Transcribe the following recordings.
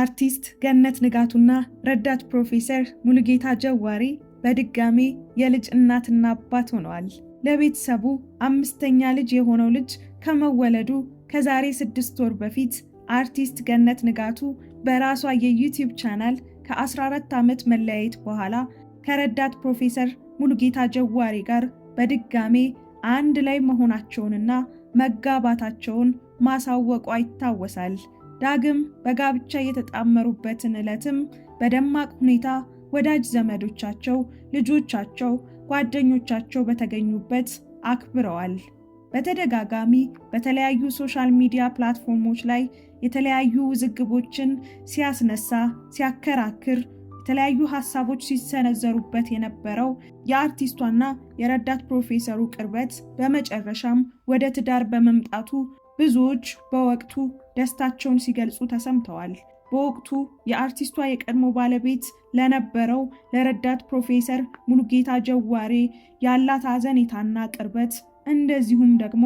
አርቲስት ገነት ንጋቱና ረዳት ፕሮፌሰር ሙሉጌታ ጀዋሬ በድጋሜ የልጅ እናትና አባት ሆነዋል። ለቤተሰቡ አምስተኛ ልጅ የሆነው ልጅ ከመወለዱ ከዛሬ ስድስት ወር በፊት አርቲስት ገነት ንጋቱ በራሷ የዩቲዩብ ቻናል ከ14 ዓመት መለያየት በኋላ ከረዳት ፕሮፌሰር ሙሉጌታ ጀዋሬ ጋር በድጋሜ አንድ ላይ መሆናቸውንና መጋባታቸውን ማሳወቋ ይታወሳል። ዳግም በጋብቻ የተጣመሩበትን ዕለትም በደማቅ ሁኔታ ወዳጅ ዘመዶቻቸው፣ ልጆቻቸው፣ ጓደኞቻቸው በተገኙበት አክብረዋል። በተደጋጋሚ በተለያዩ ሶሻል ሚዲያ ፕላትፎርሞች ላይ የተለያዩ ውዝግቦችን ሲያስነሳ፣ ሲያከራክር የተለያዩ ሀሳቦች ሲሰነዘሩበት የነበረው የአርቲስቷና የረዳት ፕሮፌሰሩ ቅርበት በመጨረሻም ወደ ትዳር በመምጣቱ ብዙዎች በወቅቱ ደስታቸውን ሲገልጹ ተሰምተዋል። በወቅቱ የአርቲስቷ የቀድሞ ባለቤት ለነበረው ለረዳት ፕሮፌሰር ሙሉጌታ ጀዋሬ ያላት አዘኔታና ቅርበት እንደዚሁም ደግሞ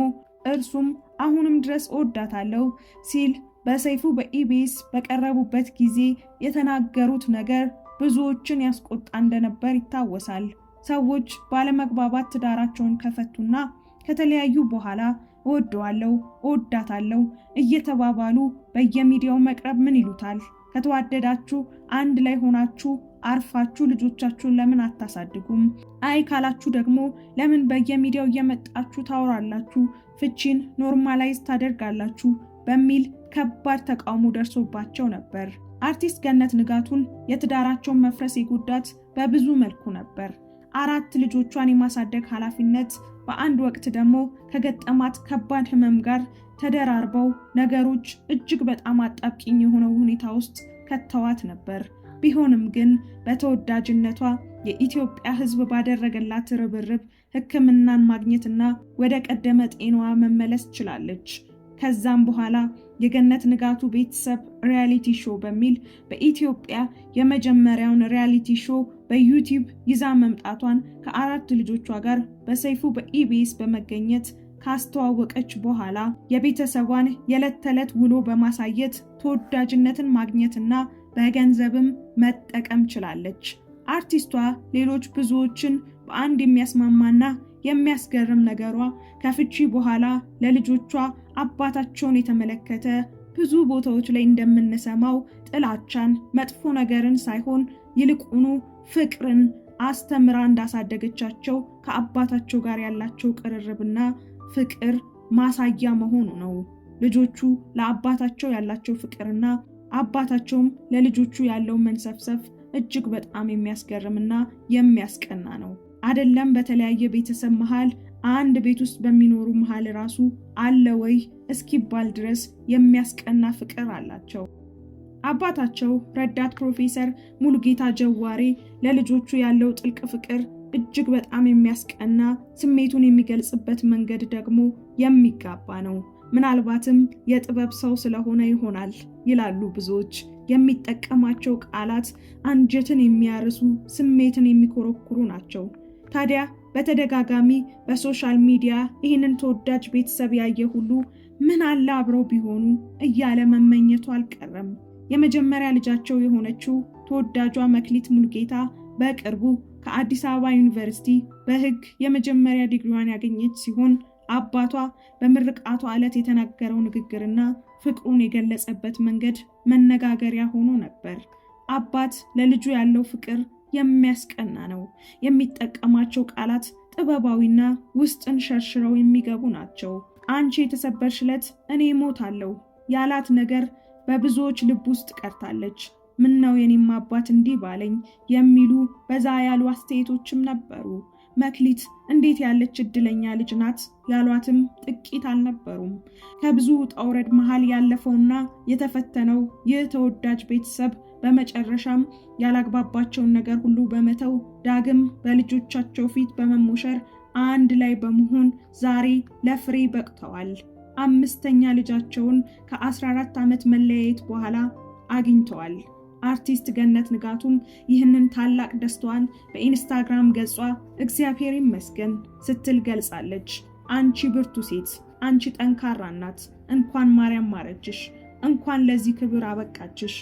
እርሱም አሁንም ድረስ እወዳታለሁ ሲል በሰይፉ በኢቢኤስ በቀረቡበት ጊዜ የተናገሩት ነገር ብዙዎችን ያስቆጣ እንደነበር ይታወሳል። ሰዎች ባለመግባባት ትዳራቸውን ከፈቱና ከተለያዩ በኋላ እወደዋለሁ፣ እወዳታለሁ እየተባባሉ በየሚዲያው መቅረብ ምን ይሉታል? ከተዋደዳችሁ አንድ ላይ ሆናችሁ አርፋችሁ ልጆቻችሁን ለምን አታሳድጉም? አይ ካላችሁ ደግሞ ለምን በየሚዲያው እየመጣችሁ ታወራላችሁ? ፍቺን ኖርማላይዝ ታደርጋላችሁ በሚል ከባድ ተቃውሞ ደርሶባቸው ነበር። አርቲስት ገነት ንጋቱን የትዳራቸውን መፍረስ የጎዳት በብዙ መልኩ ነበር። አራት ልጆቿን የማሳደግ ኃላፊነት በአንድ ወቅት ደግሞ ከገጠማት ከባድ ህመም ጋር ተደራርበው ነገሮች እጅግ በጣም አጣብቂኝ የሆነው ሁኔታ ውስጥ ከተዋት ነበር። ቢሆንም ግን በተወዳጅነቷ የኢትዮጵያ ሕዝብ ባደረገላት ርብርብ ሕክምናን ማግኘትና ወደ ቀደመ ጤናዋ መመለስ ችላለች። ከዛም በኋላ የገነት ንጋቱ ቤተሰብ ሪያሊቲ ሾው በሚል በኢትዮጵያ የመጀመሪያውን ሪያሊቲ ሾው በዩቲዩብ ይዛ መምጣቷን ከአራት ልጆቿ ጋር በሰይፉ በኢቢኤስ በመገኘት ካስተዋወቀች በኋላ የቤተሰቧን የዕለት ተዕለት ውሎ በማሳየት ተወዳጅነትን ማግኘትና በገንዘብም መጠቀም ችላለች። አርቲስቷ ሌሎች ብዙዎችን በአንድ የሚያስማማና የሚያስገርም ነገሯ ከፍቺ በኋላ ለልጆቿ አባታቸውን የተመለከተ ብዙ ቦታዎች ላይ እንደምንሰማው ጥላቻን፣ መጥፎ ነገርን ሳይሆን ይልቁኑ ፍቅርን አስተምራ እንዳሳደገቻቸው ከአባታቸው ጋር ያላቸው ቅርርብና ፍቅር ማሳያ መሆኑ ነው። ልጆቹ ለአባታቸው ያላቸው ፍቅርና አባታቸውም ለልጆቹ ያለው መንሰፍሰፍ እጅግ በጣም የሚያስገርምና የሚያስቀና ነው። አደለም በተለያየ ቤተሰብ መሃል አንድ ቤት ውስጥ በሚኖሩ መሃል ራሱ አለ ወይ እስኪባል ድረስ የሚያስቀና ፍቅር አላቸው። አባታቸው ረዳት ፕሮፌሰር ሙሉጌታ ጀዋሬ ለልጆቹ ያለው ጥልቅ ፍቅር እጅግ በጣም የሚያስቀና ስሜቱን የሚገልጽበት መንገድ ደግሞ የሚጋባ ነው። ምናልባትም የጥበብ ሰው ስለሆነ ይሆናል ይላሉ ብዙዎች። የሚጠቀማቸው ቃላት አንጀትን የሚያርሱ ስሜትን የሚኮረኩሩ ናቸው። ታዲያ በተደጋጋሚ በሶሻል ሚዲያ ይህንን ተወዳጅ ቤተሰብ ያየ ሁሉ ምን አለ አብረው ቢሆኑ እያለ መመኘቱ አልቀረም። የመጀመሪያ ልጃቸው የሆነችው ተወዳጇ መክሊት ሙልጌታ በቅርቡ ከአዲስ አበባ ዩኒቨርሲቲ በሕግ የመጀመሪያ ዲግሪዋን ያገኘች ሲሆን አባቷ በምርቃቷ ዕለት የተናገረው ንግግርና ፍቅሩን የገለጸበት መንገድ መነጋገሪያ ሆኖ ነበር። አባት ለልጁ ያለው ፍቅር የሚያስቀና ነው። የሚጠቀማቸው ቃላት ጥበባዊና ውስጥን ሸርሽረው የሚገቡ ናቸው። አንቺ የተሰበርሽ ዕለት እኔ አለው ያላት ነገር በብዙዎች ልብ ውስጥ ቀርታለች። ነው የኔም አባት እንዲህ ባለኝ የሚሉ በዛ ያሉ አስተያየቶችም ነበሩ። መክሊት እንዴት ያለች እድለኛ ልጅ ናት ያሏትም ጥቂት አልነበሩም። ከብዙ ውጣ ውረድ መሃል ያለፈውና የተፈተነው ይህ ተወዳጅ ቤተሰብ በመጨረሻም ያላግባባቸውን ነገር ሁሉ በመተው ዳግም በልጆቻቸው ፊት በመሞሸር አንድ ላይ በመሆን ዛሬ ለፍሬ በቅተዋል። አምስተኛ ልጃቸውን ከ14 ዓመት መለያየት በኋላ አግኝተዋል። አርቲስት ገነት ንጋቱም ይህንን ታላቅ ደስታዋን በኢንስታግራም ገጿ እግዚአብሔር ይመስገን ስትል ገልጻለች። አንቺ ብርቱ ሴት፣ አንቺ ጠንካራ እናት፣ እንኳን ማርያም ማረችሽ፣ እንኳን ለዚህ ክብር አበቃችሽ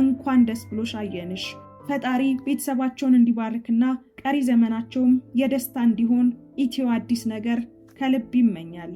እንኳን ደስ ብሎሽ አየንሽ። ፈጣሪ ቤተሰባቸውን እንዲባርክና ቀሪ ዘመናቸውም የደስታ እንዲሆን ኢትዮ አዲስ ነገር ከልብ ይመኛል።